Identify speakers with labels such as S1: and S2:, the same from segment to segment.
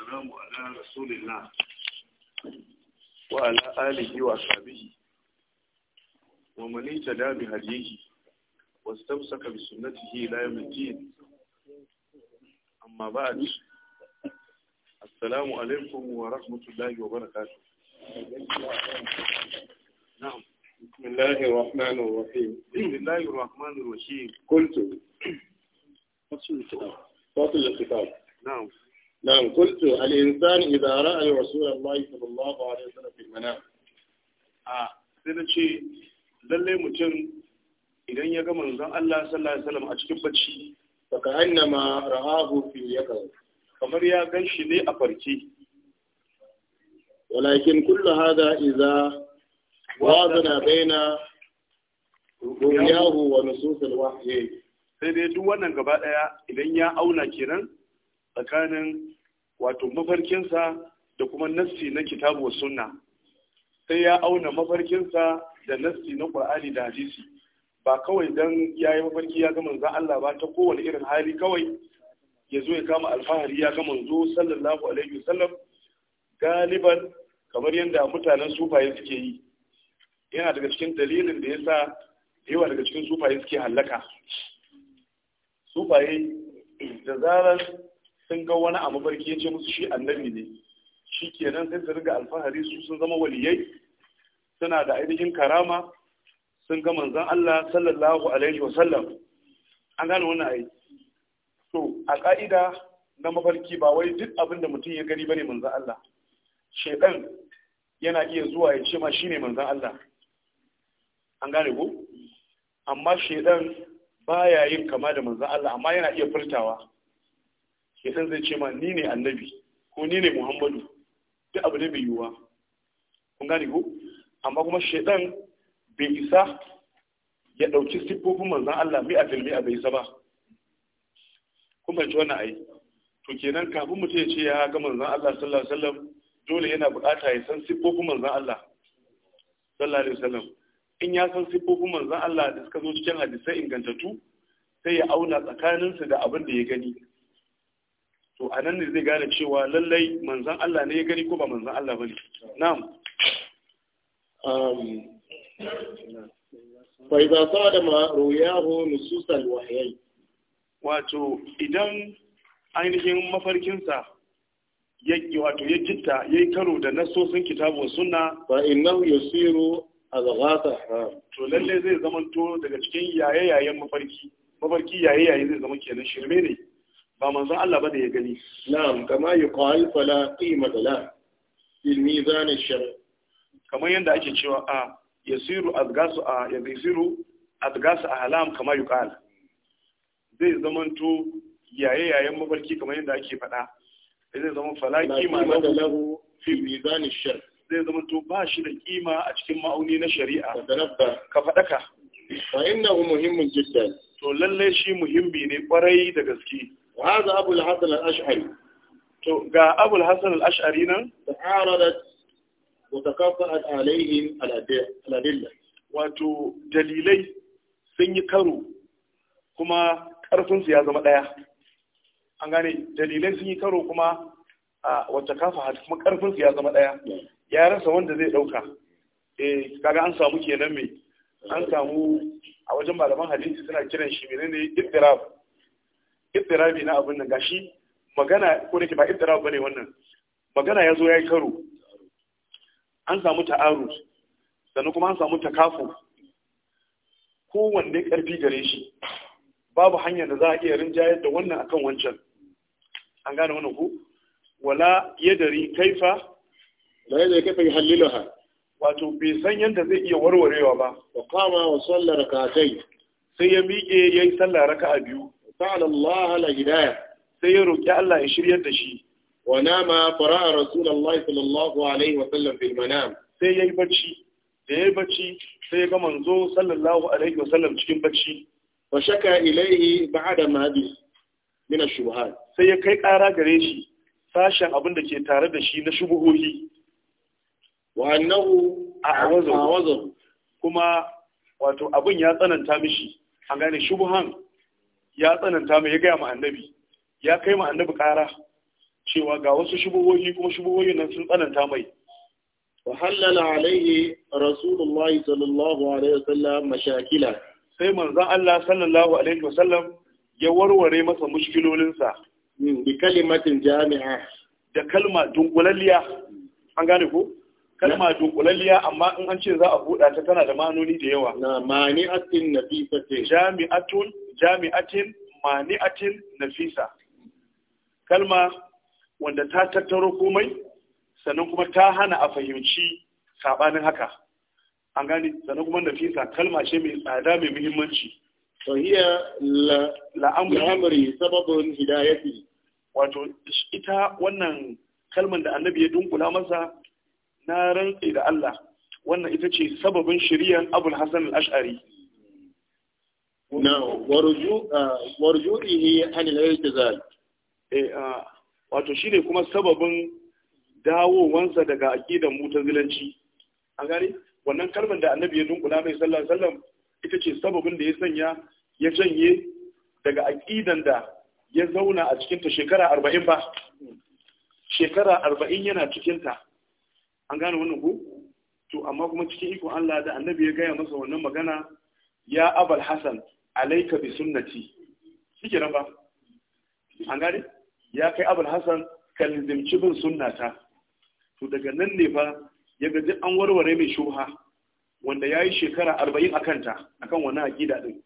S1: والسلام على رسول الله وعلى آله وأصحابه ومن اهتدى بهديه واستمسك بسنته إلى يوم الدين أما بعد السلام عليكم ورحمة الله وبركاته نعم بسم الله الرحمن الرحيم بسم الله الرحمن الرحيم قلت فصل الكتاب فصل الكتاب نعم نعم قلت الإنسان إذا رأى رسول الله صلى الله عليه وسلم في المنام آه sai ce lalle mutum idan ya ga manzon Allah sallallahu alaihi wasallam a cikin bacci baka annama ra'ahu fi yaqin kamar ya ganshi ne a farke walakin kullu hada idza
S2: wazana
S1: baina ru'yahu wa nusus al-wahyi sai dai duk wannan gaba daya idan ya auna kiran tsakanin wato mafarkinsa da kuma nassi na kitabu wa sunna sai ya auna mafarkinsa da nassi na qur'ani da hadisi ba kawai dan yayi mafarki ya ga manzon Allah ba ta kowane irin hali kawai ya zo ya kama alfahari ya ga manzo sallallahu alaihi wasallam galiban kamar yadda mutanen sufaye suke yi yana daga cikin dalilin da yasa yawa daga cikin sufaye suke hallaka sufaye da zarar sun ga wani a mafarki ya ce musu shi annabi ne shi kenan sai su riga alfahari su sun zama waliyai suna da ainihin karama sun ga manzan Allah sallallahu alaihi wa sallam an gane wannan ai to a ka'ida na mafarki ba wai duk abin da mutum ya gani bane manzan Allah shedan yana iya zuwa ya ce ma shine manzan Allah an gane ko amma shedan baya yin kama da manzan Allah amma yana iya furtawa ya san zai ce ma ni ne annabi ko ni ne muhammadu duk abu ne mai yiwuwa kun gane ko amma kuma shaidan bai isa ya ɗauki siffofin manzan Allah a filmi a bai isa ba kun bai ci wannan ai to kenan kafin mutum ya ce ya ga manzan Allah sallallahu alaihi wasallam dole yana bukata ya san siffofin manzan Allah sallallahu alaihi wasallam in ya san siffofin manzan Allah da suka zo cikin hadisai ingantattu sai ya auna tsakaninsu da abin da ya gani to a nan ne zai gane cewa lallai manzan Allah ne ya gani ko ba manzan Allah ba ne na'am fa idza sada ma ruyahu nususan al wahyai wato idan ainihin mafarkinsa ya wato ya yi yayi karo da nasosin kitabu sunna fa innahu yusiru azghata to lalle zai zamanto daga cikin yaye yayen mafarki mafarki yaye yaye zai zama kenan shirme ne ba manzon Allah ba da ya gani na'am kama yuqal fala qimata la fil mizan ash-shar kamar yanda ake cewa a yasiru azgasu a yasiru azgasu ahlam kama yuqal zai zamanto yaye yayen mafarki kamar yanda ake faɗa zai zama fala qima lahu fil mizan ash-shar zai zama to ba shi da kima a cikin ma'auni na shari'a ka faɗaka fa innahu muhimmun jiddan to lalle shi muhimmi ne kwarai da gaske wa hadha abu al-hasan al to ga abu al-hasan al nan ta'aradat wa takaffa'at alaihim al-adilla wato dalilai sun yi karo kuma karfin ya zama daya an gane dalilai sun yi karo kuma a wata kafa kuma karfin ya zama daya ya wanda zai ɗauka. E, kaga an samu kenan me an samu a wajen malaman hadisi suna kiran shi menene idrab iftirabi na abin nan gashi magana ko da ba iftirabi bane wannan magana ya zo ya yi karo an samu ta'arud sannan kuma an samu takafu kowanne ƙarfi gare shi babu hanyar da za a iya rinjayar da wannan akan wancan an gane wannan ku wala yadari kaifa la yadari kaifa yuhalliluha wato bai san yadda zai iya warwarewa ba wa qama wa sallar rak'atayn sai ya miƙe yayi sallar raka'a biyu sa'ala Allah la hidayah sai ya roƙi Allah ya shiryar da shi wa nama fara'a rasulallah sallallahu alaihi wa sallam fil manam sai ya yi bacci da ya yi bacci sai ya ga manzo sallallahu alaihi wa sallam cikin bacci wa shaka ilaihi ba'da ma bi min ash-shubuhat sai ya kai ƙara gare shi sashen abin da ke tare da shi na shubuhohi wa annahu a'awazahu kuma wato abin ya tsananta mishi an gane shubuhan ya tsananta mai ya gaya ma annabi ya kai ma annabi kara. cewa ga wasu shubuhohi kuma shubuhohin nan sun tsananta mai wa hallala alaihi rasulullah sallallahu alaihi wasallam mashakila sai manzon Allah sallallahu alaihi wasallam ya warware masa mushkilolinsa hmm, bi kalimatin jami'a da kalma dunkulalliya an gane ko kalma dunkulalliya amma in an ce za a buɗa ta tana da manoni da yawa na mani atin nafisatin jami'atun jami'atin mani'atin nafisa kalma wanda ta tattaro komai sannan kuma ta hana a fahimci saɓanin haka an gani sannan kuma nafisa kalma ce mai tsada mai muhimmanci to hiya la'amri sababin hidayati wato ita wannan kalman da annabi ya dunkula masa na rantsi da Allah wannan ita ce sababin shiriyan abul hasan al-ash'ari na warju'ihi anil iltizam eh wato ne kuma sababin dawowansa daga aqidan mutazilanci a gari wannan kalmar da annabi ya dunkula mai sallallahu alaihi ita ce sababin da ya sanya ya janye daga akidan da ya zauna a cikinta shekara 40 ba shekara 40 yana cikinta. an gane wannan ku to amma kuma cikin ikon Allah da annabi ya gaya masa wannan magana ya abal Hassan. Alayka bi sunnati shike nan ba an gane ya kai abul hasan kalzimci bin sunnata to daga nan ne fa ya gaji an warware mai shuha wanda ya yi shekara arba'in a kanta akan wani aƙida din?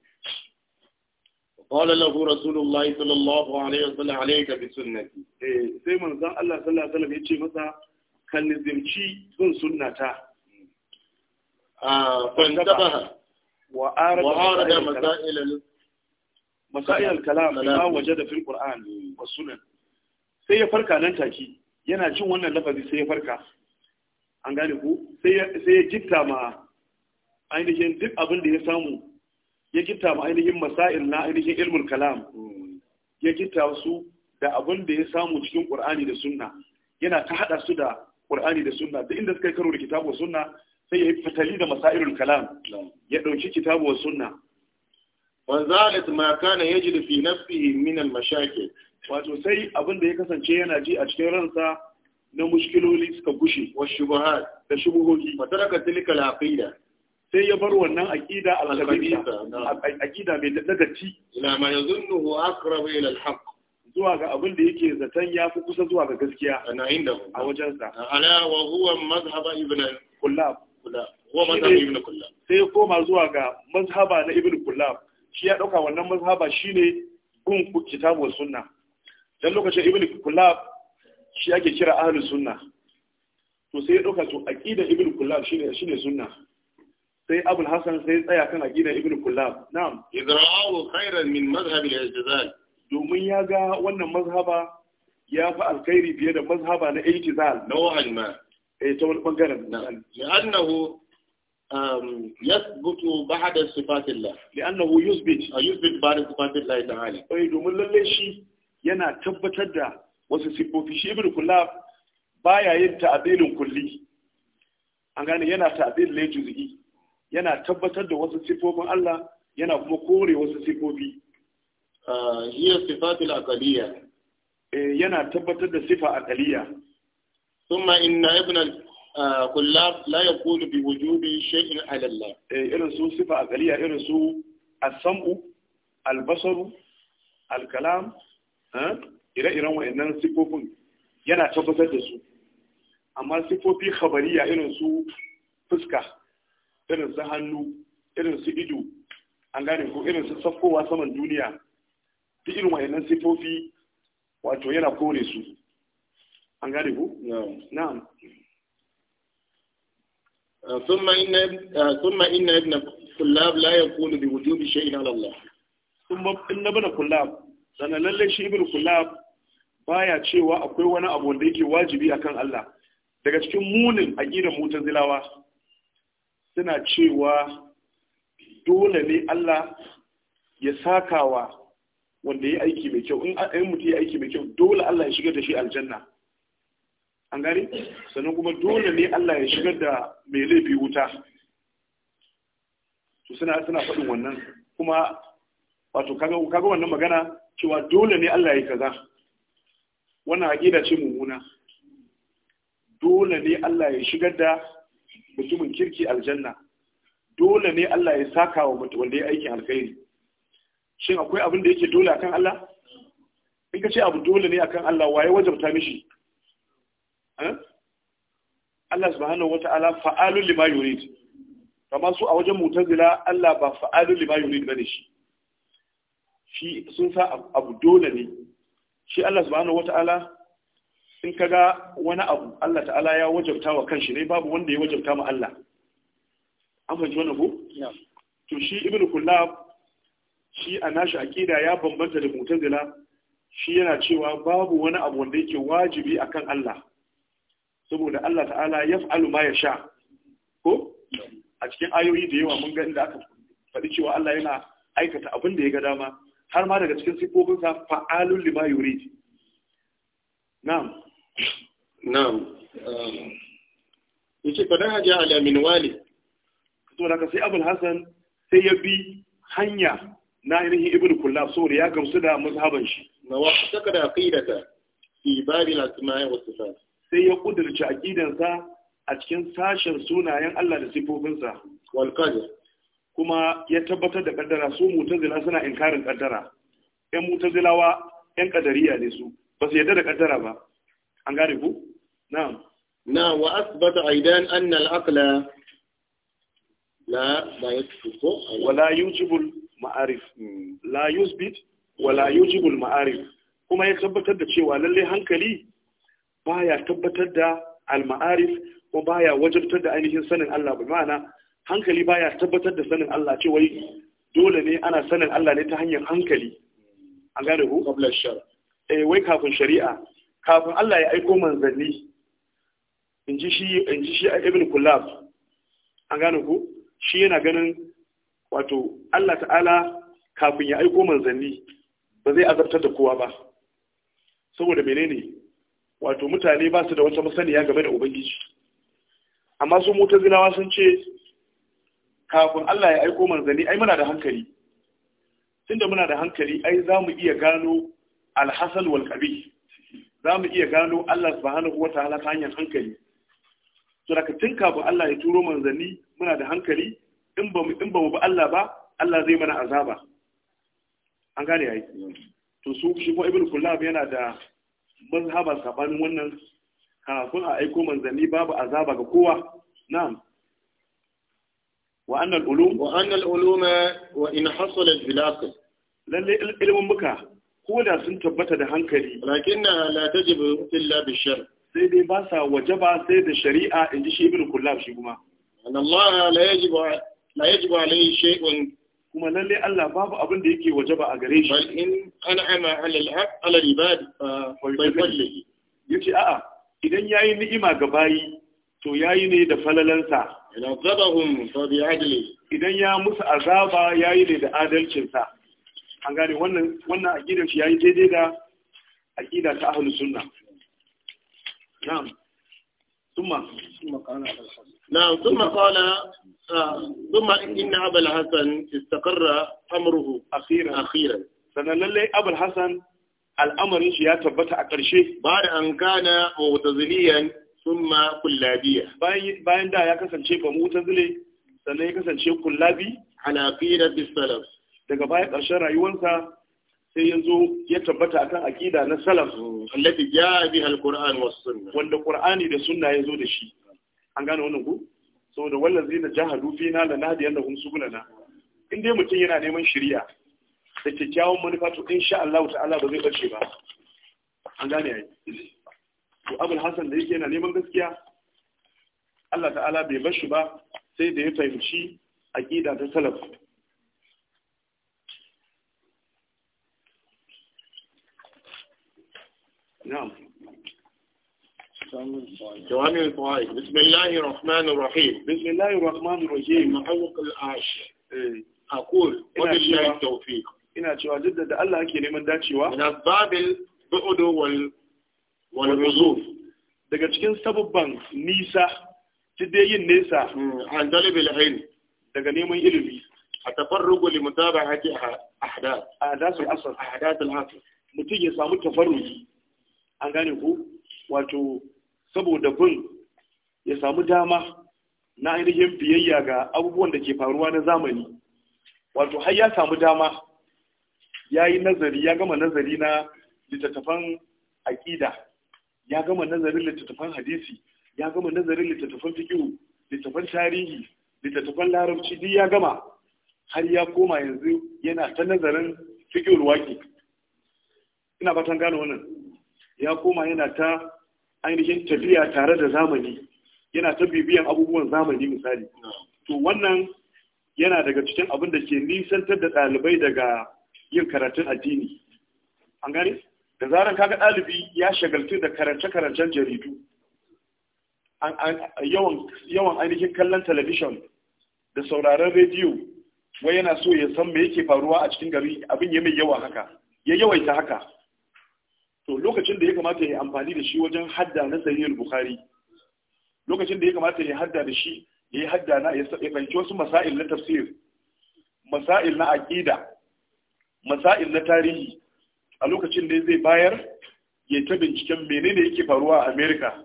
S1: قال له رسول الله صلى الله عليه وسلم عليك بسنتي sai manzon Allah sallallahu alaihi wasallam yace masa kan nizimci bin sunnata
S2: ah fa
S1: وعارض مسائل
S2: مسائل الكلام ما وجد
S1: في القرآن والسنن sai ya farka nan take yana cin wannan lafazi sai ya farka an gane ku sai ya gitta ma ainihin duk abin da ya samu ya gitta ma ainihin masail na ainihin ilmul kalam ya gitta su da abin da ya samu cikin qur'ani da sunna yana ta hada su da qur'ani da sunna da inda suka karo da kitabu sunna sai ya yi fitali da masa'irul kalam ya ɗauki kitabu wa sunna wa zalat ma kana yajid fi nafsihi min al mashakil wato sai abin da ya kasance yana ji a cikin ransa na mushkiloli suka gushe wa shubuhat da shubuhohi fa taraka tilka al aqida sai ya bar wannan aqida al khabisa aqida mai dagaci ila ma yazunnuhu aqrab ila al haqq zuwa ga abin da yake zaton ya fi kusa zuwa ga gaskiya a wajensa ala wa huwa mazhaba ibn kullab sai koma zuwa ga mazhaba na ibn kullab shi ya dauka wannan mazhaba shine gun kitabu sunna dan lokacin ibn kullab shi ake kira ahlus sunna to sai ya dauka to aqidar ibn kullab shine shine sunna sai abul hasan sai tsaya kan aqidar ibn kullab na'am idra'u khairan min mazhab al-i'tizal domin ya ga wannan mazhaba ya fi alkhairi fiye da mazhaba na i'tizal nawahan ma eh ta wani bangaren li'annahu um, yasbutu ba'da sifatillah li'annahu yusbit yusbit ba'da sifatillah hali. eh domin lalle shi yana tabbatar da wasu sifofi shi ibnu kullab baya yin ta'dilin kulli an gane yana ta'dil ne juz'i yana tabbatar da wasu sifofin Allah yana kuma kore wasu sifofi uh, hiya sifatul aqaliyya eh, yana tabbatar da sifa aqaliyya ثم إن ابن kullab la ya kulu bi wujubi shay'in ala Allah irin su sifa aqliya irin su as-sam'u al al-kalam ire-iren wayannan sifofin yana tabbatar da su amma sifofi khabariya irin su fuska irin su hannu irin su an gane ko irin su sakowa saman duniya duk irin wayannan sifofi wato yana kore su an gane ku na'am ثم إن ثم إن ابن كلاب لا يقول بوجوب شيء على الله ثم إن ابن كلاب sana lalle shi ibn kullab baya cewa akwai wani abu wanda yake wajibi akan Allah daga cikin munin aqidar mutazilawa suna cewa dole ne Allah ya sakawa wanda ya aiki mai kyau in mutum ya aiki mai kyau dole Allah ya shigar da shi aljanna an gani sannan kuma dole ne Allah ya shigar da mai laifi wuta to suna suna faɗin wannan kuma wato kaga kaga wannan magana cewa dole ne Allah ya kaza wannan aqida ce mummuna dole ne Allah ya shigar da mutumin kirki aljanna dole ne Allah ya saka wa mutum wanda ya aikin alkhairi shin akwai abin da yake dole akan Allah in ka ce abu dole ne akan Allah waye wajabta mishi Eh? Allah subhanahu wata'ala fa'alul lima yurid amma su a wajen mutazila Allah ba fa'alul lima yurid bane shi shi sun sa abu dole ne shi Allah subhanahu wata'ala in kaga wani abu Allah ta'ala ya wajabta wa kanshi ne babu wanda ya wajabta ma Allah an fahimci wannan ko to shi ibnu kullab shi a nashi aqida ya bambanta da mutazila shi yana cewa babu wani abu wanda yake wajibi akan Allah saboda Allah ta'ala ya fa'alu ma ya sha ko a cikin ayoyi da yawa mun ga inda aka faɗi cewa Allah yana aikata abin da ya ga dama har ma daga cikin sifofinsa fa'alun lima yuri na'am na'am um, ya ce faɗin hajji a min wali to ka sai Abul Hassan sai ya bi hanya na ainihin Ibn Kullab saboda ya gamsu da mazhaban shi na wa saka da aqidata fi babil asma'i wasu sa'a sai ya kudurci ƙidansa a cikin sashen sunayen Allah da sifofinsa Walƙadir. kuma ya tabbatar da ƙaddara su mutazila suna inkarin ƙaddara. yan mutazilawa yan ƙadariya ne su ba su yarda da ƙaddara ba an gane ku na'am na wa asbata aidan anna al-aqla la la yasbitu wala yujibu maarif hmm. la yusbit wala yujibu maarif kuma ya tabbatar da cewa lalle hankali baya tabbatar da al-ma'arif ko baya wajabtar da ainihin sanin Allah ba ma'ana hankali baya tabbatar da sanin Allah ce wai dole ne ana sanin Allah ne ta hanyar hankali an gane ku qabla shar eh wai kafin shari'a kafin Allah ya aiko manzanni inji shi inji shi ibn kullab an gane ku shi yana ganin wato Allah ta'ala kafin ya aiko manzanni ba zai azabtar da kowa ba saboda menene wato mutane ba su da wata masaniya game da ubangiji amma su zinawa sun ce kafin Allah ya aiko manzanni ai muna da hankali tunda muna da hankali ai za mu iya gano alhasal wal kabi za mu iya gano Allah subhanahu wataala ta hanyar hankali to daga tun kafin Allah ya turo manzanni muna da hankali in ba mu in ba mu bi Allah ba Allah zai mana azaba an gane yayi to su shi ko ibnu kullab yana da mazhabar kaɓanin wannan kafin a aiko manzanni babu azaba ga kowa na'am Wa'annan annal ulum wa annal wa in hasalat bil aql lalle ilmin muka ko da sun tabbata da hankali lakinna la tajibu illa bi shar sai dai ba sa wajaba sai da shari'a in ji shi ibn kullab shi kuma an Allah la yajibu la yajibu alayhi shay'un kuma lalle Allah babu abin da yake waje ba a gare shi bal in an'ama 'ala al haq 'ala al-ibad bai kulli yace a'a idan yayi ni'ima ga bayi to yayi ne da falalansa idan zabahum fa bi 'adli idan ya musu azaba yayi ne da adalcinsa an gane wannan wannan aqidar shi yayi daidai da aqida ta ahlus sunna na'am ثم ثم kana على نعم ثم قال آه. ثم إن أبا الحسن استقر أمره أخيرا أخيرا سنللي أبا الحسن الأمر شيا تبت أكرشي بعد أن كان معتزليا ثم كلابيا باين باين دا يا كسان شيء بمعتزلي sannan ya kasance kullabi ala aqidati salaf daga baya ƙarshen rayuwarsa sai ya ya tabbata akan aƙida na salaf allati jaa biha alquran was wanda da sunna ya zo da shi an gane wannan ku saboda zai na jahadu fina da nadi annahum na in dai mutum yana neman shirya. da kyakkyawan manufa to insha Allah ta'ala ba zai barce ba an gane ai to abul hasan da yake yana neman gaskiya Allah ta'ala bai bashi ba sai da ya fahimci aqida ta salaf جوامع الفوائد بسم الله الرحمن الرحيم بسم الله الرحمن الرحيم محوق العاش وبالله التوفيق ina cewa duk da Allah ake neman dacewa na babil bu'udu wal wal ruzuf daga cikin sababban nisa tidde yin nesa an dalibil ilm daga neman ilimi a tafarrugu li mutabahati ahdath ahdath al asr ahdath al asr mutum ya samu tafarruji gane ku wato saboda bin ya samu dama na ainihin biyayya ga abubuwan da ke faruwa na zamani wato har ya samu dama ya yi nazari ya gama nazari na littattafan aƙida ya gama nazarin littattafan hadisi ya gama nazarin littattafan fikiru littattafan tarihi littattafan larabci duk ya gama har ya koma yanzu yana ta nazarin fikiru waƙi ina fatan gano wannan ya koma yana ta ainihin tafiya tare da zamani yana ta bibiyan abubuwan zamani misali to wannan yana daga cikin abin da ke nisantar da ɗalibai daga yin karatun addini an gane da zaran kaga ɗalibi ya shagaltu da karance-karancen jaridu yawan ainihin kallon talabishin da sauraron rediyo wai yana so ya san me yake faruwa a cikin gari abin ya mai yawa haka ya yawaita haka to lokacin da ya kamata ya amfani da shi wajen hadda na sahihul bukhari lokacin da ya kamata ya hadda da shi ya hadda na ya fahimci wasu masail na tafsir masail na aqida masail na tarihi a lokacin da zai bayar ya ta binciken menene yake faruwa a Amerika,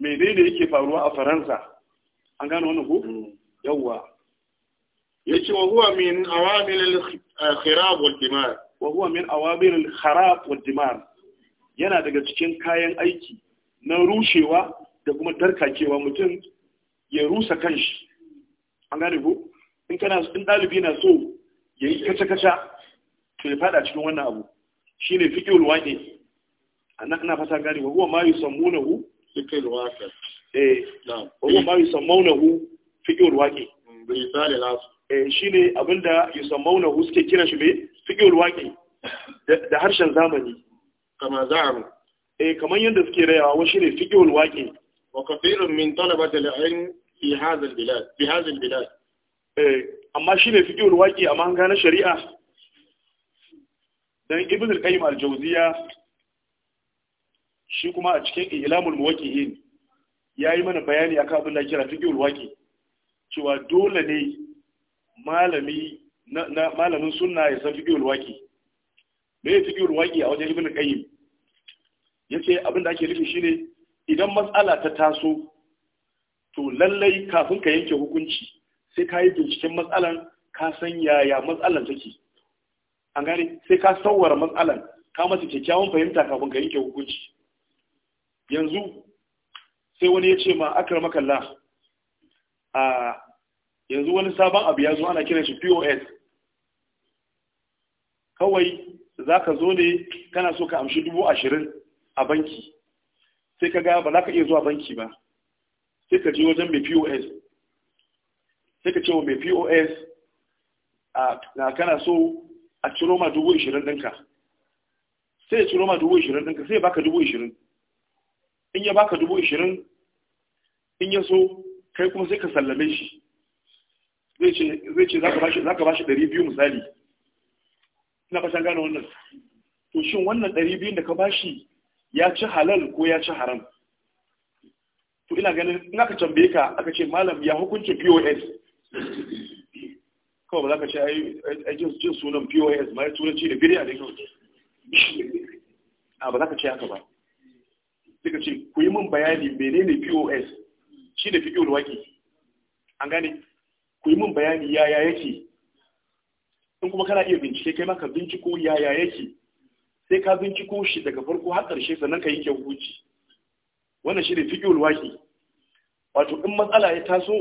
S1: menene yake faruwa a Faransa an gano wannan ko mm. yawwa yace wa huwa min awamil al-khirab wal dimar wa huwa min awabir al-kharab wa dimar yana daga cikin kayan aiki na rushewa da kuma tarkakewa mutum ya rusa kanshi an gane ko in kana in dalibi na so yayi kaca kaca to ya fada cikin wannan abu shine fiqhul waqi annan ina fata gane wa huwa ma yusammunahu fiqhul waqi eh na'am wa huwa ma yusammunahu fiqhul waqi hmm, bi misali lasu Eh, shi ne abinda yusammauna hu suke kira shi mai fiƙe waƙi da harshen zamani kama za'aru eh kamar yadda suke rayawa shi ne fiqhul waqi wa kafirin min talaba da la'ayin fi hadha al-bilad fi hadha al-bilad eh amma shine amma an gane shari'a don ibn al-qayyim al-jawziya shi kuma a cikin ilamul muwaqqi'in yayi mana bayani akan abin da kira fiqhul waqi cewa dole ne malami na malamin sunna ya san fiqhul waqi me ya fiqhul waqi a wajen ibn qayyim yace abin da ake nufi shine idan matsala ta taso to lallai kafin ka yanke hukunci sai ka yi binciken matsalan ka san yaya matsalan take an gane sai ka sauwara matsalan ka masa kyakkyawan fahimta kafin ka yanke hukunci yanzu sai wani ya ce ma akramakallah a yanzu wani sabon abu ya zo ana kiran shi pos kawai za ka zo ne kana so ka amshi dubu ashirin a banki sai ka gaya ba za ka iya zuwa banki ba sai ka je wajen mai pos sai ka ce wa mai pos na kana so a ciro ma dubu ashirin ɗinka sai ya ciro ma dubu ashirin ɗinka sai ya baka dubu ashirin in ya baka dubu ashirin in ya so kai kuma sai ka sallame shi zai ce za ka ba shi ɗari biyu misali ina fashin gane wannan to shin wannan ɗari biyun da ka ba shi ya ci halal ko ya ci haram to ina ganin in aka tambaye ka aka ce malam ya hukuncin pos kawai ba za ka ce ai jin sunan pos ma ya turanci da biri ne kawai a ba za ka ce haka ba suka ce ku yi min bayani menene pos shi da fiƙi ke, an gane ku yi min bayani yaya yake in kuma kana iya bincike kai maka binciko yaya yake sai ka binciko shi daga farko har ƙarshe sannan ka yanke hukunci wannan shi ne fiƙiyar waƙi wato in matsala ya taso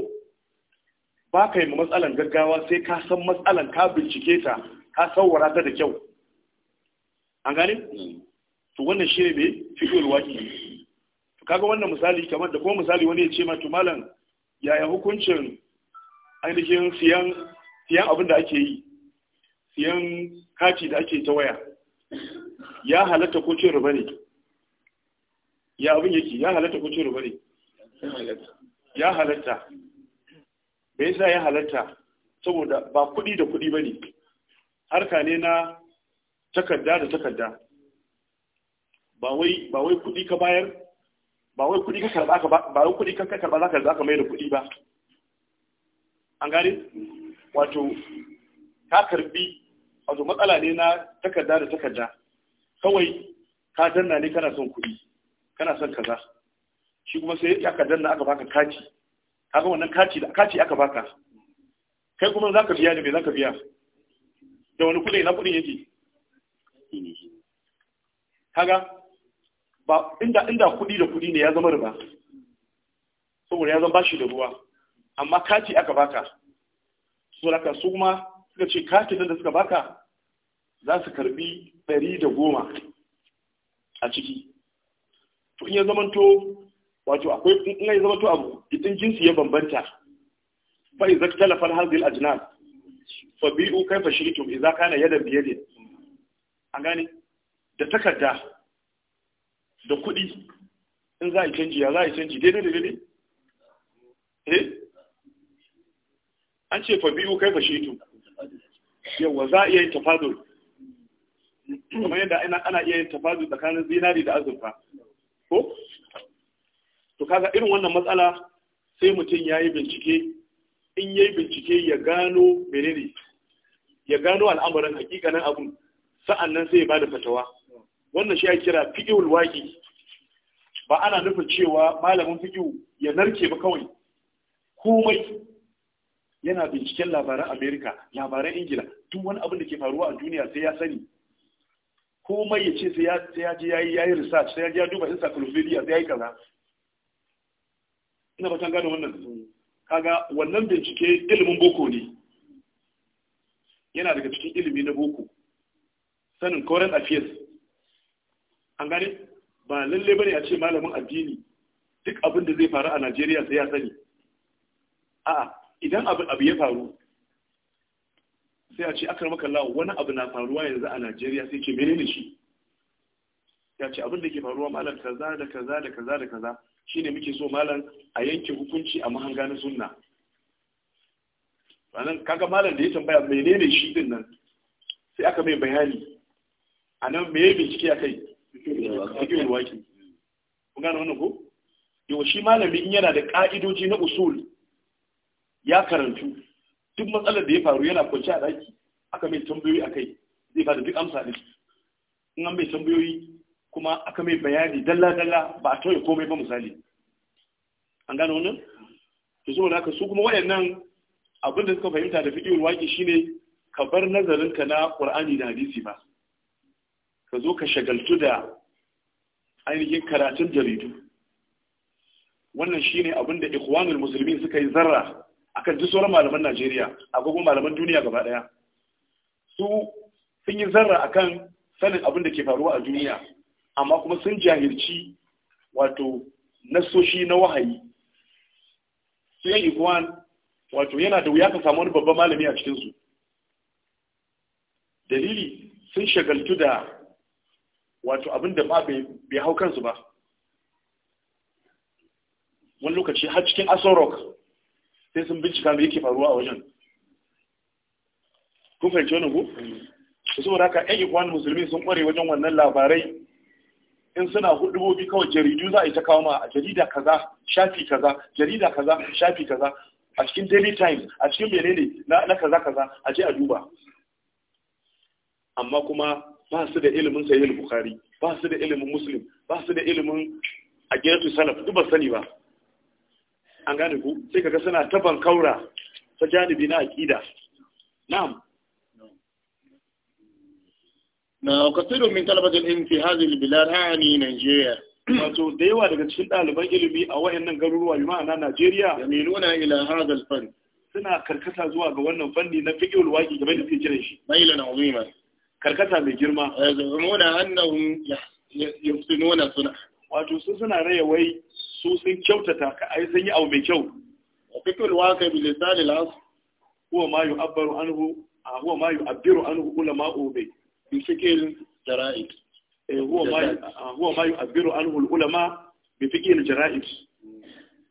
S1: ba ka yi matsalan gaggawa sai ka san matsalan ka bincike ta ka saurara ta da kyau an gane to wannan shi ne fiƙiyar waƙi to kaga wannan misali kamar da kuma misali wani ya ce ma to malam yaya hukuncin ainihin siyan siyan abin da ake yi siyan kati da ake ta waya ya halatta ko cin riba ya abin yake ya halatta ko cin riba ne ya halatta me yasa ya halatta saboda ba kuɗi da kuɗi ba ne harka ne na takarda da takarda ba wai kuɗi ka bayar ba wai kudi ka karba za ka mai da kuɗi ba an gane wato ka karbi wato matsala ne na takarda da takarda kawai ka danna ne kana son kuɗi kana son kaza shi kuma sai aka danna aka baka kati kaga wannan kati da kaci aka baka kai kuma zaka biya ne me zaka biya da wani kuɗi na kuɗin yake kaga ba inda inda kuɗi da kuɗi ne ya zama riba saboda ya zama bashi da ruwa amma kati aka baka so laka su kuma suka ce katin da suka baka za su karbi ɗari da goma a ciki to in ya zamanto wato akwai in ya zamanto abu idan jinsi ya bambanta fa idza talafa hadhihi al-ajnas fa bi'u kayfa shi'tum iza kana yadan bi yadin an gane da takarda da kuɗi in za a yi canji ya za a yi canji daidai da daidai eh an ce fa biyu kai fashe tu yawa za a iya yin tafadul Kuma yadda ana iya yin tafadul tsakanin zinari da azurfa ko to kaga irin wannan matsala sai mutum ya yi bincike in ya yi bincike ya gano menene ya gano al'amarin hakikanin abun nan sai ya bada fatawa wannan shi ya kira fiiwul waƙi ba ana nufin cewa malamin fiqh ya narke ba kawai komai yana binciken labaran amerika labaran ingila duk wani abin da ke faruwa a duniya sai ya sani komai ya ce sai ya je ya yi research sai ya je ya duba encyclopedia sai ya yi kaza ina batan gane wannan kaga wannan bincike ilimin boko ne yana daga cikin ilimi na boko sanin current affairs an gane ba lalle bane a ce malamin addini duk abin da zai faru a Najeriya sai ya sani a'a idan abu ya faru sai a ce maka lawa wani abu na faruwa yanzu a najeriya sai ce menene shi ya ce abin da ke faruwa malam kaza da kaza da kaza da kaza shine muke so malam a yanke hukunci a mahanga na sunna ranar kaga malam da ya tambaya menene shi din nan sai aka mai bayani a nan me ya bincike a kai cikin ruwaki kun gane wannan ko yau shi malamin yana da ka'idoji na usul ya karantu duk matsalar da ya faru yana kwanci a daki aka mai tambayoyi akai zai ba da duk amsa ne, in an mai tambayoyi kuma aka mai bayani dalla-dalla ba a tauye komai ba misali an gano wannan to da haka su kuma waɗannan abin da suka fahimta da fiƙiyar waƙi shine ka bar nazarin ka na ƙur'ani da hadisi ba ka zo ka shagaltu da ainihin karatun jaridu wannan shine abin da ikhwanul musulmi suka yi zarra akan duk sauran malaman Najeriya agogo kuma malaman duniya gaba ɗaya. su sun yi zarra kan sanin abin da ke faruwa a duniya amma kuma sun jahilci wato nasoshi na wahayi su yan ikuwan wato yana da wuya ka samu wani babban malami a cikinsu dalili sun shagaltu da wato abin da ba bai hau kansu ba wani lokaci har cikin asorok sai sun bincika mai yake faruwa a wajen kun fahimci wani ku? su saboda haka ƴan ikwan musulmi sun kware wajen wannan labarai in suna hudubobi kawai jaridu za a yi ta kawo ma a jarida kaza shafi kaza jarida kaza shafi kaza a cikin daily times a cikin menene na kaza kaza a je a duba amma kuma ba su da ilimin sahih bukhari ba su da ilimin muslim ba su da ilimin a salaf duk ba sani ba an gane ku sai kaga suna taban kaura ta janibi na aqida na'am na kasiru min talabat al-ilm fi hadhihi al-bilad ani Nigeria wato da yawa daga cikin ɗaliban ilimi a wayannan garuruwa bi ma'ana Najeriya yamiluna ila hadha al-fann suna karkata zuwa ga wannan fanni na fiqhul waqi game da suke kiran shi mailan azima karkata mai girma yazumuna annahum yaftinuna sunna wato su suna raya su sun kyautata ka ai sun yi abu mai kyau fikul waka bi lisani lasu. huwa ma yu'abbaru anhu huwa ma yu'abbiru anhu ulama ube bi fikil jara'id eh huwa ma huwa ma yu'abbiru anhu ulama bi fikil jara'id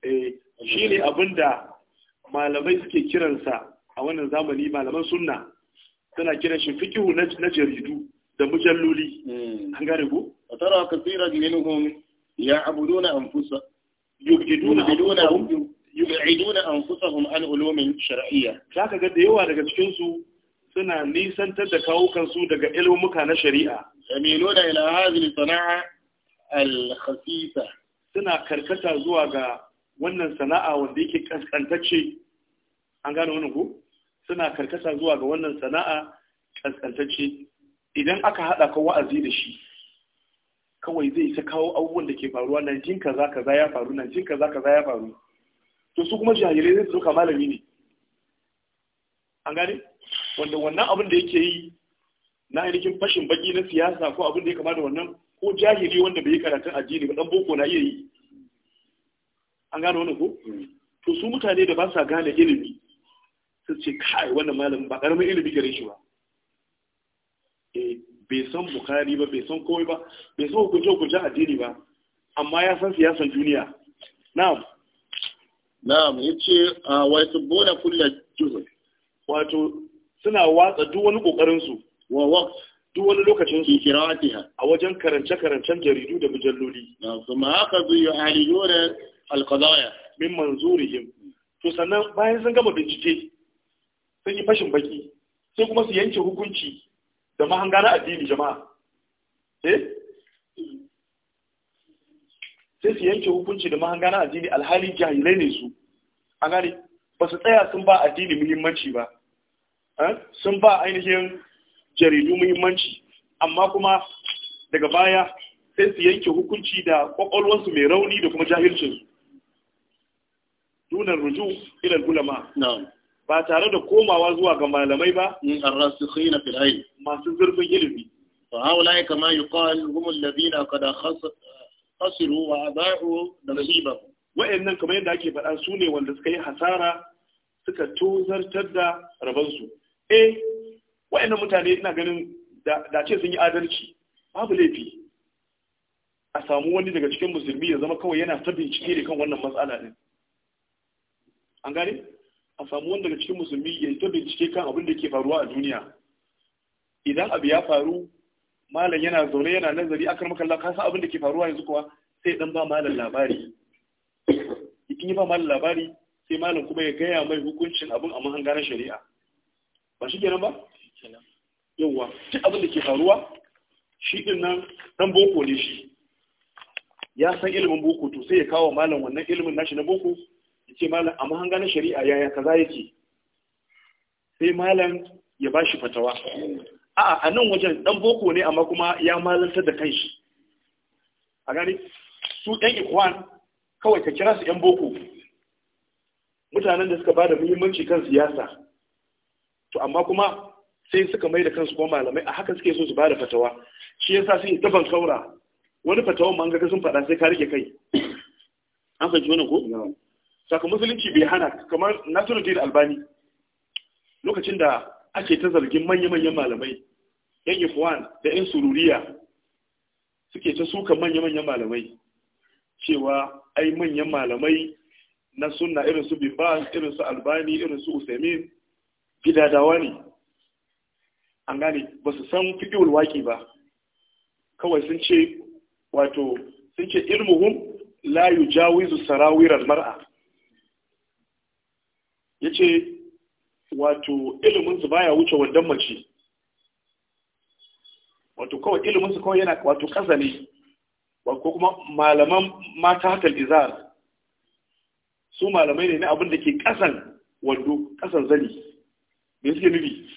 S1: eh shine abinda malamai suke kiransa a wannan zamani malaman sunna suna kiran shi fikihu na jaridu da mujalloli hmm. an gane ko tara kasira minhum ya abuduna anfusa yubiduna bidunahum yubiduna anfusahum an ulumin shar'iyya zaka ga da yawa daga cikin su suna nisantar da kawukan su daga ilmuka na shari'a yamiluna ila hadhihi sana'a al-khafisa suna karkata zuwa ga wannan sana'a wanda yake kaskantacce an gano wannan ku suna karkata zuwa ga wannan sana'a kaskantacce idan aka hada ka wa'azi da shi kawai zai isa kawo abubuwan da ke faruwa nan jin kaza kaza ya faru nan jin kaza kaza ya faru to su kuma jahilai zai zo malami ne an gane wanda wannan abin da yake yi na ainihin fashin baki na siyasa ko abin da ya kama da wannan ko jahili wanda bai yi karatun addini ba dan boko na iya yi an gane wannan ko hmm. to su mutane da ba sa gane ilimi su ce kai wannan malamin ba karamin ilimi gare shi ba eh bai san bukari ba bai san kowai ba bai san hukunce hukuncen addini ba amma ya san siyasan duniya na'am na'am yace ah, wa yasbuna kulla juhud wato suna watsa duk wani kokarin su wa waqt duk wani lokacin su ha. a wajen karance karancen jaridu da mujalloli na kuma haka zu yu'alijuna alqadaya min manzurihim to sannan bayan sun gama bincike sun yi fashin baki sai kuma su yanke hukunci da mahangana addini jama'a eh sai su yanke hukunci da mahangana addini alhali jahilai ne su an gane ba su tsaya sun ba addini muhimmanci ba eh? sun ba ainihin jaridu muhimmanci amma kuma daga baya sai su yanke hukunci da kwakwalwarsu mai rauni da kuma jahilcin dunar ruju ilal gulama ba tare da komawa zuwa ga malamai ba in arrasikhina fil ilm masu zurfin ilimi fa haula kama yuqal hum alladhina qad khasiru wa adaa'u nasibahum wa'annan kamar yadda ake faɗa su ne wanda suka yi hasara suka tozartar da rabansu eh wa'annan mutane ina ganin da ce sun yi adalci babu laifi a samu wani daga cikin musulmi ya zama kawai yana ta bincike da kan wannan matsala din an gane a samu wanda daga cikin musulmi ya ta bincike kan abin da ke faruwa a duniya idan abu ya faru malam yana zaune yana nazari akan makalla ka san abin da ke faruwa yanzu kuwa sai dan ba malam labari idan ya ba malam labari sai malam kuma ya gaya mai hukuncin abin a mahangaran shari'a ba shi kenan ba yawwa duk abin da ke faruwa shi din nan dan boko ne shi ya san ilimin boko to sai ya kawo malam wannan ilimin nashi na boko ce malam a mahanganin shari'a yaya kaza yake sai malam ya bashi fatawa a'a a nan wajen dan boko ne amma kuma ya malantar da kanshi a gani su ɗan ikwan kawai ka kira su ɗan boko mutanen da suka ba da muhimmanci kan siyasa to amma kuma sai suka mai da kansu kuma malamai a haka suke so su ba da fatawa shi yasa sai ta ban saura wani fatawan ma an ga sun faɗa sai ka rike kai an fahimci wannan ko saka musulunci bai hana kamar nasiruddin albani lokacin da ake ta zargin manya-manyan malamai yan ifuwan da yan sururiya suke ta suka manya-manyan malamai cewa ai manyan malamai na suna irin su bimbas irin su albani irin su usaimin gidadawa ne an gane ba su san fiƙiwul waƙi ba kawai sun ce wato sun ce muhun layu jawizu sarawirar mar'a ya ce wato iliminsu baya wuce wandan mace wato kawai iliminsu kawai yana wato ƙasa ne ko kuma malaman mata hatar izar su malamai ne na abin da ke kasan wando ƙasan zani me suke nubi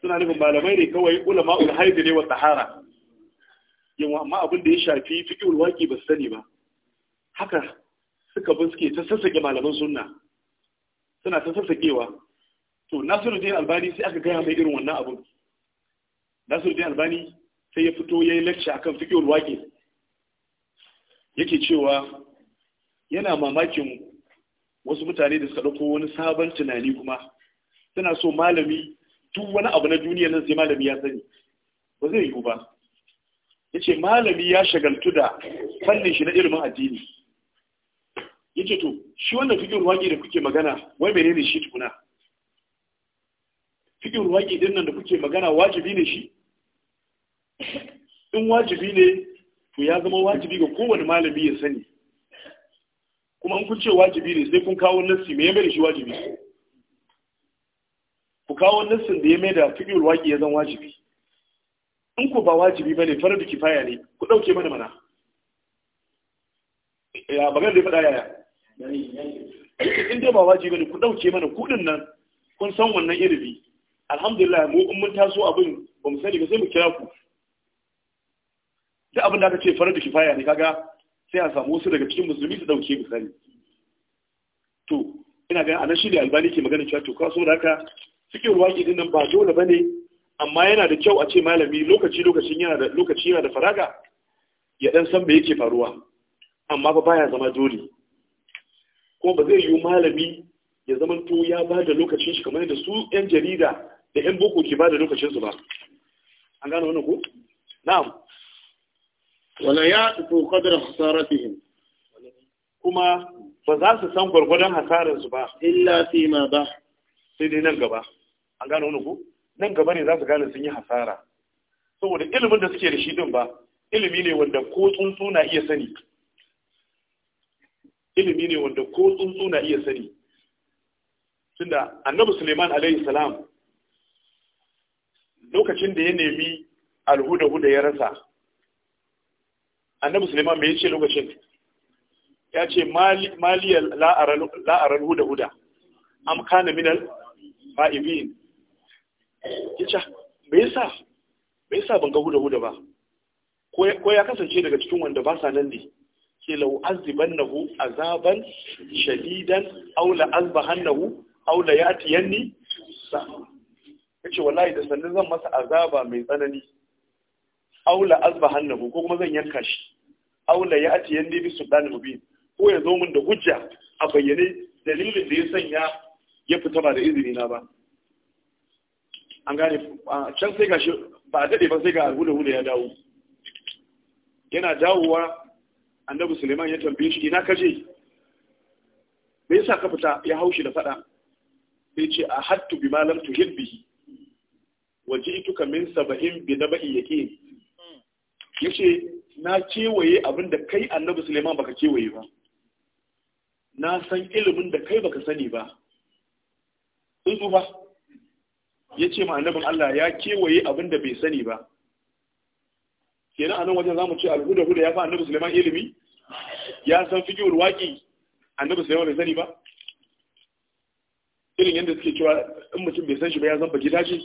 S1: suna nufin malamai ne kawai ulama ulhaidu ne wa sahara yin amma abin da ya shafi fiƙi ulwaƙi ba su sani ba haka suka bi suke ta sassaƙe malaman sunna suna ta sassaƙewa to nasiruddin albani sai aka gaya mai irin wannan abun nasiruddin albani sai ya fito ya yi a kan fikiyar waƙe yake cewa yana mamakin wasu mutane da suka ɗauko wani sabon tunani kuma suna so malami tun wani abu na duniya nan sai malami ya sani ba zai yiwu ba ya ce malami ya shagaltu da fannin shi na ilimin addini yake to shi wannan fikin ruwaki da kuke magana wai ne shi tukuna fikin ruwaki din nan da kuke magana wajibi ne shi in wajibi ne to ya zama wajibi ga kowane malami ya sani kuma in kun ce wajibi ne sai kun kawo nassi me ya mai da shi wajibi ku kawo nassin da ya mai da fikin ruwaki ya zama wajibi in ku ba wajibi bane farar da kifaya ne ku dauke mana mana ya magana da ya faɗa yaya in dai ba wajibi ne ku dauke mana kudin nan kun san wannan irbi alhamdulillah mu in mun taso abin ba mu sani ba sai mu kira ku da abin da aka ce farar da kifaya ne kaga sai a samu wasu daga cikin musulmi su dauke mu sani to ina ga anan shi da albani ke magana cewa to ka so da haka cikin waki din nan ba dole bane amma yana da kyau a ce malami lokaci lokacin yana da lokaci yana da faraga ya dan san me yake faruwa amma ba baya zama dole ko ba zai yi malami ya to ya ba da lokacin shi kamar da su 'yan jarida da 'yan boko ke ba da lokacinsu ba an gano wannan ko na'am wala ya tuto qadar hasaratihim kuma ba za su san gwargwadon hasarar su ba illa fi ma ba sai dai nan gaba an gano wannan ko nan gaba ne za su gane sun yi hasara saboda ilimin da suke da shi din ba ilimi ne wanda ko tsuntsu na iya sani ilimi ne wanda ko tsuntsu na iya sani tunda annabi suleiman alayhi salam lokacin da ya nemi alhuda-huda ya rasa annabi suleiman bai ce lokacin ya ce maliyar la'arar huda-huda am kana minal ma'ibin ya ce mai sa mai sa ban ga huda-huda ba ko ya kasance daga cikin wanda ba sa nan ne ce lau azibannahu azaban shadidan hu aula ya aw la yatiyanni ce wallahi da sannan zan masa azaba mai tsanani aw la hu ko kuma zan yanka shi aw la yatiyanni bi sultanin biyu. ko ya zo min da hujja a bayyane dalilin da ya sanya ya fita ba da izini na ba an gane can sai gashi ba a daɗe ba sai ga hule-hule ya dawo yana dawowa annabi suleiman ya tambaye shi ina kaje me yasa ka fita ya haushi da fada sai ce a hattu bi malam tu hibbi waji'tuka min sabahin bi nabai yake yace na kewaye abin da kai annabi suleiman baka kewaye ba na san ilimin da kai baka sani ba tsuntsu ba yace ma annabin Allah ya kewaye abin da bai sani ba kenan anan wajen zamu ce alhuda huda ya fa annabi Sulaiman ilimi ya san fikihul waki annabi Sulaiman bai sani ba irin yadda suke cewa in mutum bai san shi ba ya san baki dace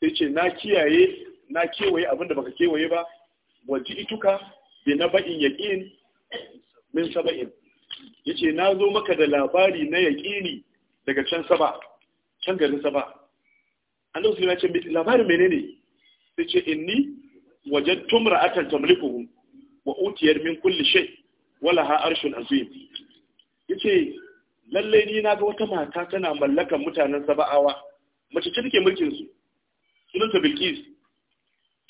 S1: sai ce na kiyaye na kewaye abinda baka kewaye ba waji ituka bi na ba'in yaqin min saba'in yace na zo maka da labari na yaqini daga can saba can garin saba annabi sai ya ce labarin menene sai ce inni wajen tumra akan tamlikuhu wa utiyar min kulli shay wala ha arshun azim yace lalle ni na ga wata mata tana mallakan mutanen sabawa mace ce take mulkin su ta bilqis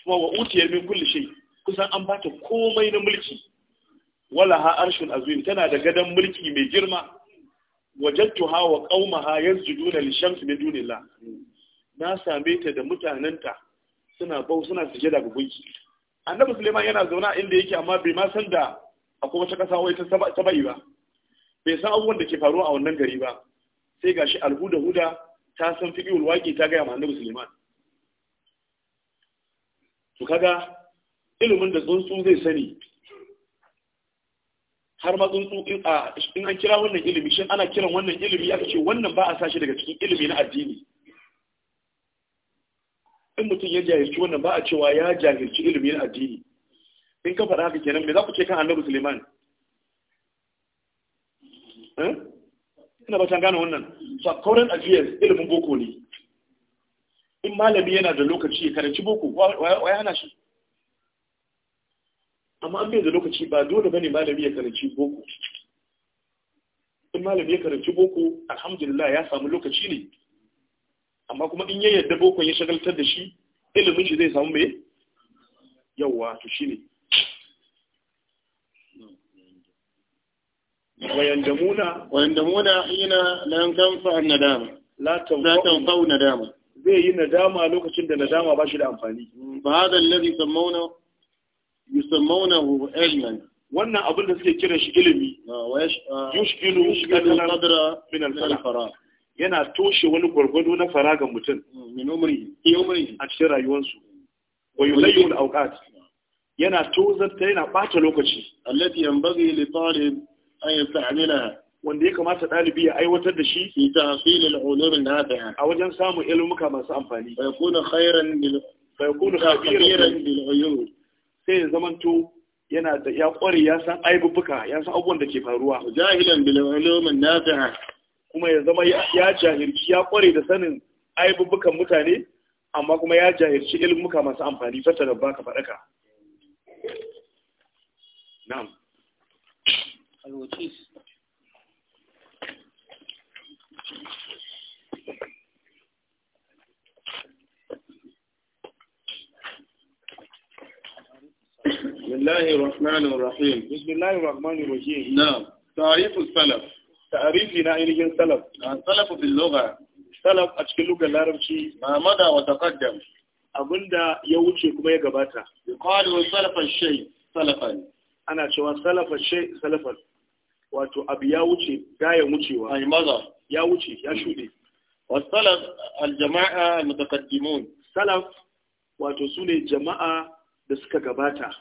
S1: kuma wa utiyar min kulli shay kusan an bata komai na mulki wala ha arshun azim tana da gadan mulki mai girma wajadtuha wa qaumaha yasjuduna lishamsi min dunillah na same ta da mutanen ta. suna bau suna suke ga gunki annabi suleiman yana zauna inda yake amma bai ma san da akwai wata kasa wai ta bai ba bai san abubuwan da ke faruwa a wannan gari ba sai gashi alhuda huda ta san fiqhul waqi ta ga ma annabi suleiman to kaga ilimin da tsuntsu zai sani har ma tsuntsu in an kira wannan ilimi shin ana kiran wannan ilimi aka ce wannan ba a sashi daga cikin ilimi na addini in mutum ya jahilci wannan ba a cewa ya jahilci ilimin addini in ka faɗa haka kenan me za ku ce kan annabi suleiman eh? ina ba ta gane wannan so current affairs ilimin boko ne in malami yana da lokaci karanci boko waya hana shi amma an bai da lokaci ba dole bane malami ya karanci boko in malami ya karanci boko alhamdulillah ya samu lokaci ne amma kuma in ya yadda bokon ya shagaltar da shi ilimin shi zai samu mai yawa to shi ne wayandamuna wayandamuna hina lan kanfa nadama la tanfa nadama zai yi nadama lokacin da nadama ba shi da amfani fa hada alladhi sammauna yusammaunahu ilman wannan abin da suke kiran shi ilimi yushkilu yushkilu qadra min al yana toshe wani gwargwado na faragan mutum mm, a cikin rayuwarsu mm. wa yulayyu al-awqat yana tozarta yana bata lokaci allati yanbaghi li talib an yasta'mila wanda ya kamata dalibi ya aiwatar da shi fi tahsil al-ulum na nafia a wajen samun ilmuka masu amfani fa yakuna khairan lil fa yakuna khabiran lil sai ya yana da ya kware ya san aibubuka ya san abubuwan da ke faruwa jahilan bil ulum nafia kuma ya zama ya jahirci ya kware da sanin aibubukan mutane amma kuma ya jahilci ilmuka masu amfani fata da baka faɗaka na'am alwacis بسم الله الرحمن الرحيم بسم الله الرحمن الرحيم نعم تعريف السلف ta'arifi na ainihin salaf salaf bil lugha salaf a cikin lugar larabci ma mada wa taqaddam abinda ya wuce kuma ya gabata yuqalu salafan shay salafan ana cewa salafa shay salafan wato abu ya wuce gayan wucewa ai maza ya wuce ya shude wa salaf al jama'a salaf wato sune jama'a da suka gabata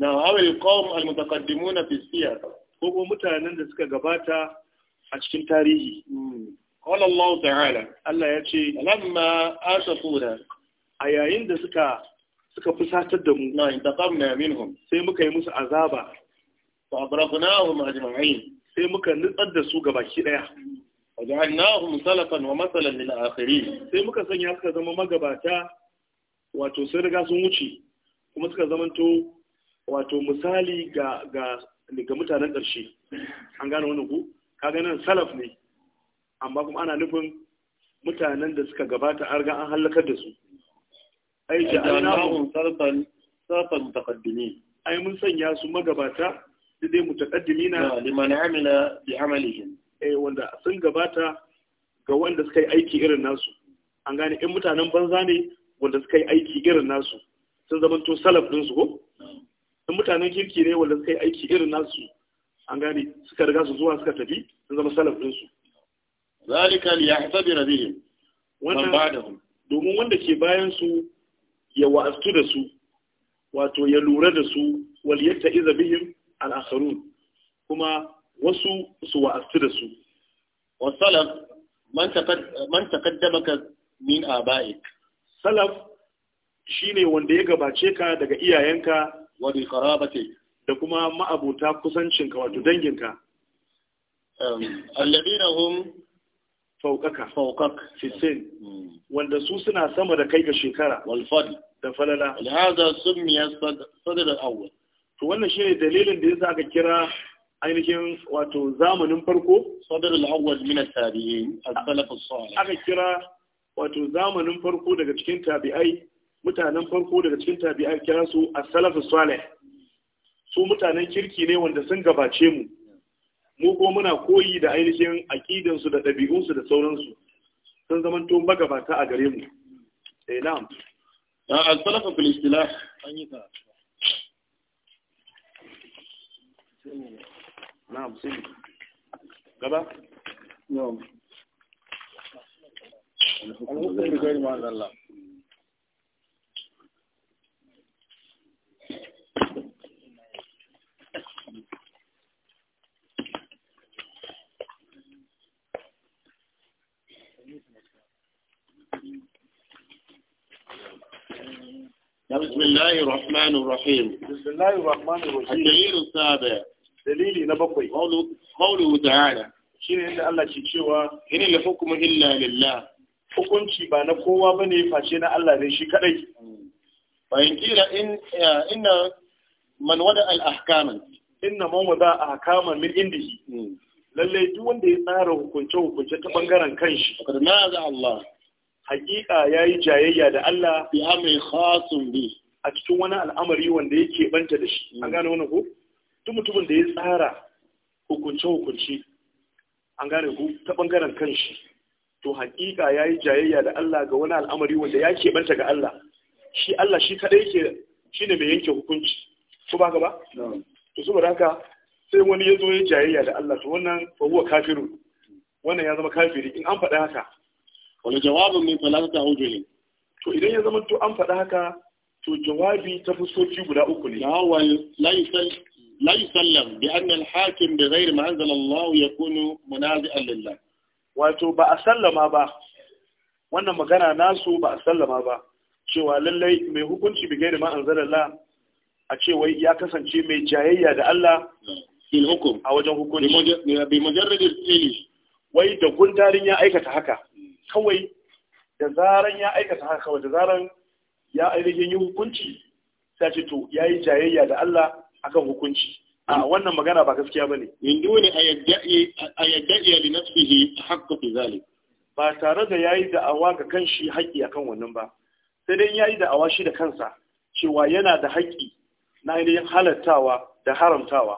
S1: na hawal qawm al mutaqaddimun fi siyasa ko mutanen da suka gabata a cikin tarihi hmm. qala Allah ta'ala Allah ya ce lamma asafuna a yayin da suka suka fusatar da mu na yamin hun, sai muka yi musu azaba Ba a hun a ajma'in sai muka nutsar da su gabaki daya hun salafan wa masalan lil akhirin sai muka sanya suka zama magabata wato sai riga sun wuce kuma suka to, wato misali ga ga ga mutanen ƙarshe an gane wani ku kaga nan salaf ne amma kuma ana nufin mutanen da suka gabata an riga an halakar da su ai ja'alnahum sarfan sarfan taqaddimin ai mun sanya su magabata da dai mutaqaddimina liman amila bi amalihim eh wanda sun gabata ga wanda suka yi aiki irin nasu an gane in mutanen banza ne wanda suka yi aiki irin nasu sun zama to salaf din su ko in mutanen kirki ne wanda suka yi aiki irin nasu an gane suka riga su zuwa suka tafi sun zama salaf din su zalika li yahtabira bihim wannan ba'dahum domin wanda ke bayan su ya wa'astu da su wato ya lura da su wal yatta'iza bihim al akharun kuma wasu su wa'astu da su wa salaf man ka min aba'ik salaf shine wanda ya gabace ka daga iyayenka wa bi qarabatik da kuma ma'abuta kusancinka wato danginka um, alladina hum fawqaka fawqak fi sin hmm. wanda su suna sama da kai ga shekara wal fadl da falala hada sumiya sadr al awwal to wannan shine dalilin da yasa aka kira ainihin wato zamanin farko sadr al awwal min al tabi'in al salaf al salih aka kira wato zamanin farko daga cikin tabi'ai mutanen farko daga cikin tabi'ai kira su as salaf as salih su mutanen kirki ne wanda sun gabace mu mu ko muna koyi da ainihin aqidansu da ɗabi'unsu da sauransu sun zama zamanto magabata a gare mu eh na'am al-salafa ah, fil istilah an yi ta na'am sai gaba na'am al-hukm Allah بسم الله الرحمن الرحيم بسم الله الرحمن الرحيم الدليل السابع دليلي نبقي قوله قوله تعالى شين عند الله تشيوا إن الحكم إلا لله hukunci ba na kowa ba ne face na Allah ne shi kadai. Bayan kira inna man wada al'ahkaman. Inna man wada ahkaman min indihi. Hmm. Lallai duk wanda ya tsara hukunce-hukunce ta bangaren kanshi. Fakar Allah. hakika yayi jayayya da Allah bi amri khasun bi a cikin wani al'amari wanda yake banta da shi an gane wannan ko duk mutumin da ya tsara hukunce hukunci an gane ku ta bangaren kanshi to hakika yayi jayayya da Allah ga wani al'amari wanda yake banta ga Allah shi Allah shi kada yake shine mai yanke hukunci ko ba ka ba to saboda haka sai wani ya zo ya jayayya da Allah to wannan fa huwa kafiru wannan ya zama kafiri in an faɗa haka wani jawabin mai min salatata awjuhin to idan ya zama to an faɗa haka to jawabi ta fuskoki guda uku ne awal la yusallam bi anna al-hakim bi ghairi ma anzala Allah yakunu munazi'an lillah wato ba a sallama ba wannan magana nasu ba a sallama ba cewa lallai mai hukunci bi gairi ma anzala Allah a ce wai ya kasance mai jayayya da Allah a wajen hukunci bi mujarrad al wai da gundarin ya aikata haka kawai da zaran ya aikata haka kawai da zaran ya ainihin yi hukunci sai ce to ya yi jayayya da Allah akan hukunci a wannan magana ba gaskiya bane min dole a yadda yadda'i li nafsihi haka fi zalik ba tare da yayi da'awa ga kanshi haƙƙi akan wannan ba sai dai yayi da'awa shi da kansa cewa yana da haƙƙi na ainihin halattawa da haramtawa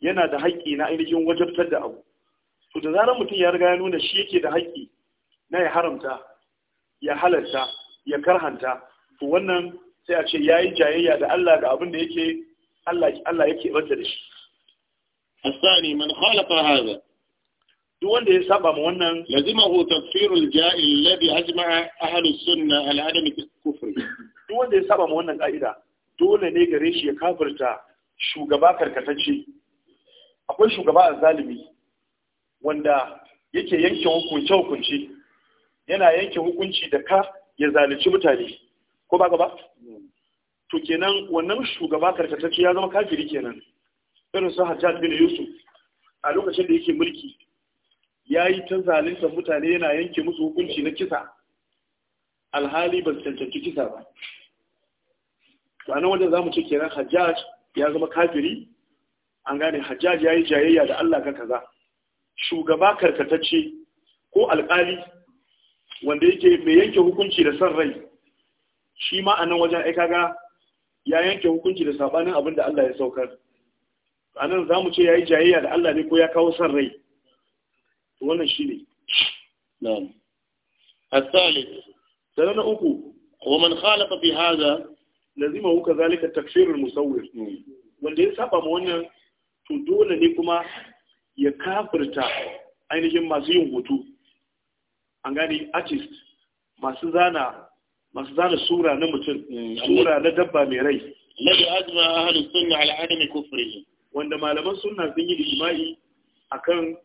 S1: yana da haƙƙi na ainihin wajabtar da abu to da zarar mutum ya riga ya nuna shi yake da haƙƙi na ya haramta ya halarta ya karhanta to wannan sai a ce ya yi jayayya da Allah ga abin da yake Allah Allah yake banta da shi asani man khalafa haza. duk wanda ya saba ma wannan Lazima hu tafsirul ja'il ladhi ajma'a ahli sunna ala adami kufr duk wanda ya saba ma wannan ka'ida dole ne gare shi ya kafirta shugaba karkatacce akwai shugaba azzalimi wanda yake yanke hukunci hukunci yana yanke hukunci da ka ya zalunci mutane ko ba gaba to kenan wannan shugaba karkatacce ya zama kafiri kenan irin su Hajjaj bin Yusuf a lokacin da yake mulki ya yi ta zalunta mutane yana yanke musu hukunci na kisa alhali ba su kisa ba nan wanda za mu ce kenan hajjaj ya zama kafiri an gane hajjaj ya yi jayayya da allah ga kaza shugaba karkatacce ko alkali wanda yake mai yanke hukunci da san rai shi ma a nan wajen ai kaga ya yanke hukunci da sabanin abin da Allah ya saukar a nan za mu ce ya yi jayayya da Allah ne ko ya kawo san rai wannan shi ne na'am uku, wa أكو ومن خالف في هذا لزمه كذلك التكفير musawwir wanda ya saba ma wannan to dole ne kuma ya kafirta ainihin masu yin hoto an gane artist masu zana masu zana sura na mutum mm. sura na dabba mai rai nabi azma ahlus sunna ala mai kufuri wanda malaman sunna sun yi a kan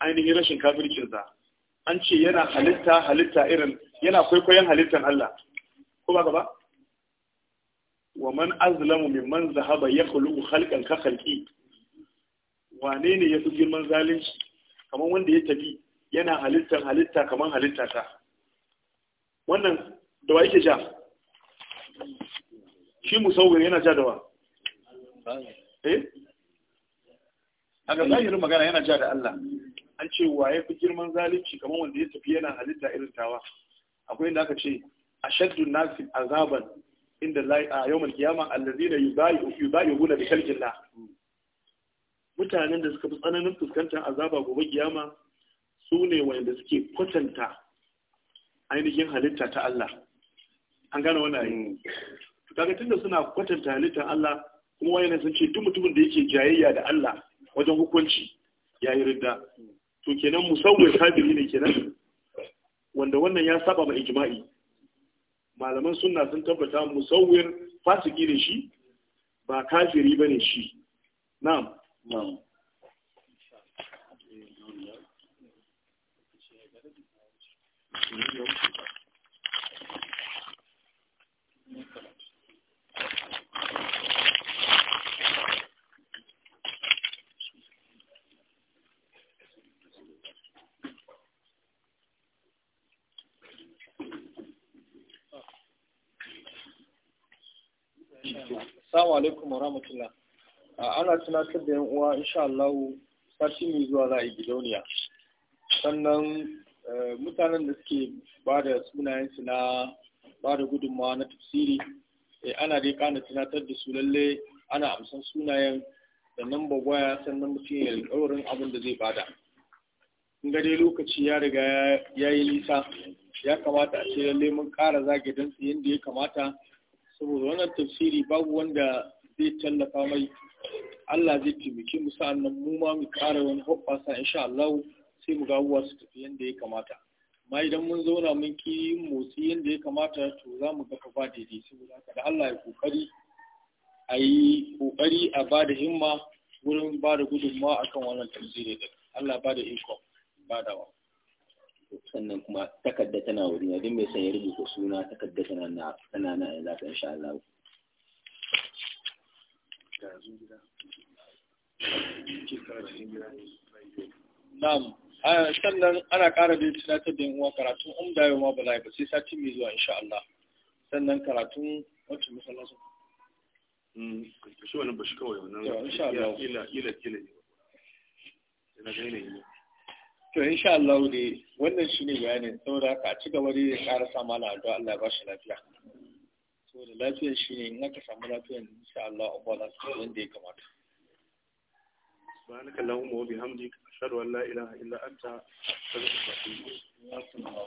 S1: ainihin rashin kafirkin za an ce yana halitta halitta irin yana kwaikwayon halittar Allah ko ba gaba wa man azlamu man zahaba yakhluqu halkan ka khalqi wane ne fi girman zalunci kamar wanda ya tafi yana halittar halitta kamar halitta ta wannan da wa yake ja shi musawwir yana ja da wa eh a ga zahirin magana yana ja da Allah an ce wa ya fi girman zalunci kamar wanda ya tafi yana halitta irin tawa akwai inda aka ce ashaddu nasi azaban inda a yawmal kiyama allazina yubayyi'una bi khalqillah mutanen da suka fi tsananin fuskantar azaba gobe kiyama su ne wanda suke kwatanta ainihin halitta ta Allah an gane wani ayi. Hmm. kaga tunda suna kwatanta halittar Allah kuma wayannan sun ce duk mutumin da yake jayayya da Allah wajen hukunci ya yi ridda to kenan musawwir kafiri ne kenan wanda wannan ya saba ma ijma'i malaman sunna sun tabbata musawwir fasiki ne shi ba kafiri bane shi na'am na'am Assalamu alaikum wa rahmatullah. Ana tunatar da 'yan uwa insha Allah sati mai zuwa za a yi gidauniya. Sannan Eh, mutanen da suke ba da sunayensu na ba da gudunmawa na tafsiri eh, ana dai kana tunatar da su lalle ana amsan sunayen da nan ba waya sannan mutum ya alƙawarin abin da zai bada in ga dai lokaci ya riga ya yi nisa ya kamata a ce lalle mun kara zage don su yadda ya kamata saboda wannan tafsiri babu wanda zai tallafa mai Allah zai taimake mu sa'annan mu ma mu ƙara wani hoɓɓasa insha Allah sai mu ga abubuwa su tafi yadda ya kamata amma idan mun zauna mun ki motsi yadda ya kamata to za mu ga kafa daidai saboda haka da Allah ya kokari a yi kokari a ba da himma wurin ba da gudunmawa akan wannan tafsiri da Allah ba da iko ba da wa sannan kuma takarda tana wuri na duk mai son ya rubuta suna takarda tana na tana na yanzu haka insha Allah Na'am sannan ana ƙara da tunatar da yan'uwa karatun umda yau ma bala ba sai sati mai zuwa insha Allah sannan karatun wancan masallacin hmm, shi wani ba shi kawai wannan ya ila ila ila to insha Allah ne wannan shi ne bayanin saboda ka ci gaba da ƙara sa mala da Allah ba shi lafiya saboda lafiyar shi ne in aka samu lafiyar insha Allah Allah za su wanda ya kamata subhanaka allahumma wa bihamdika أشهد أن لا إله إلا أنت أستغفرك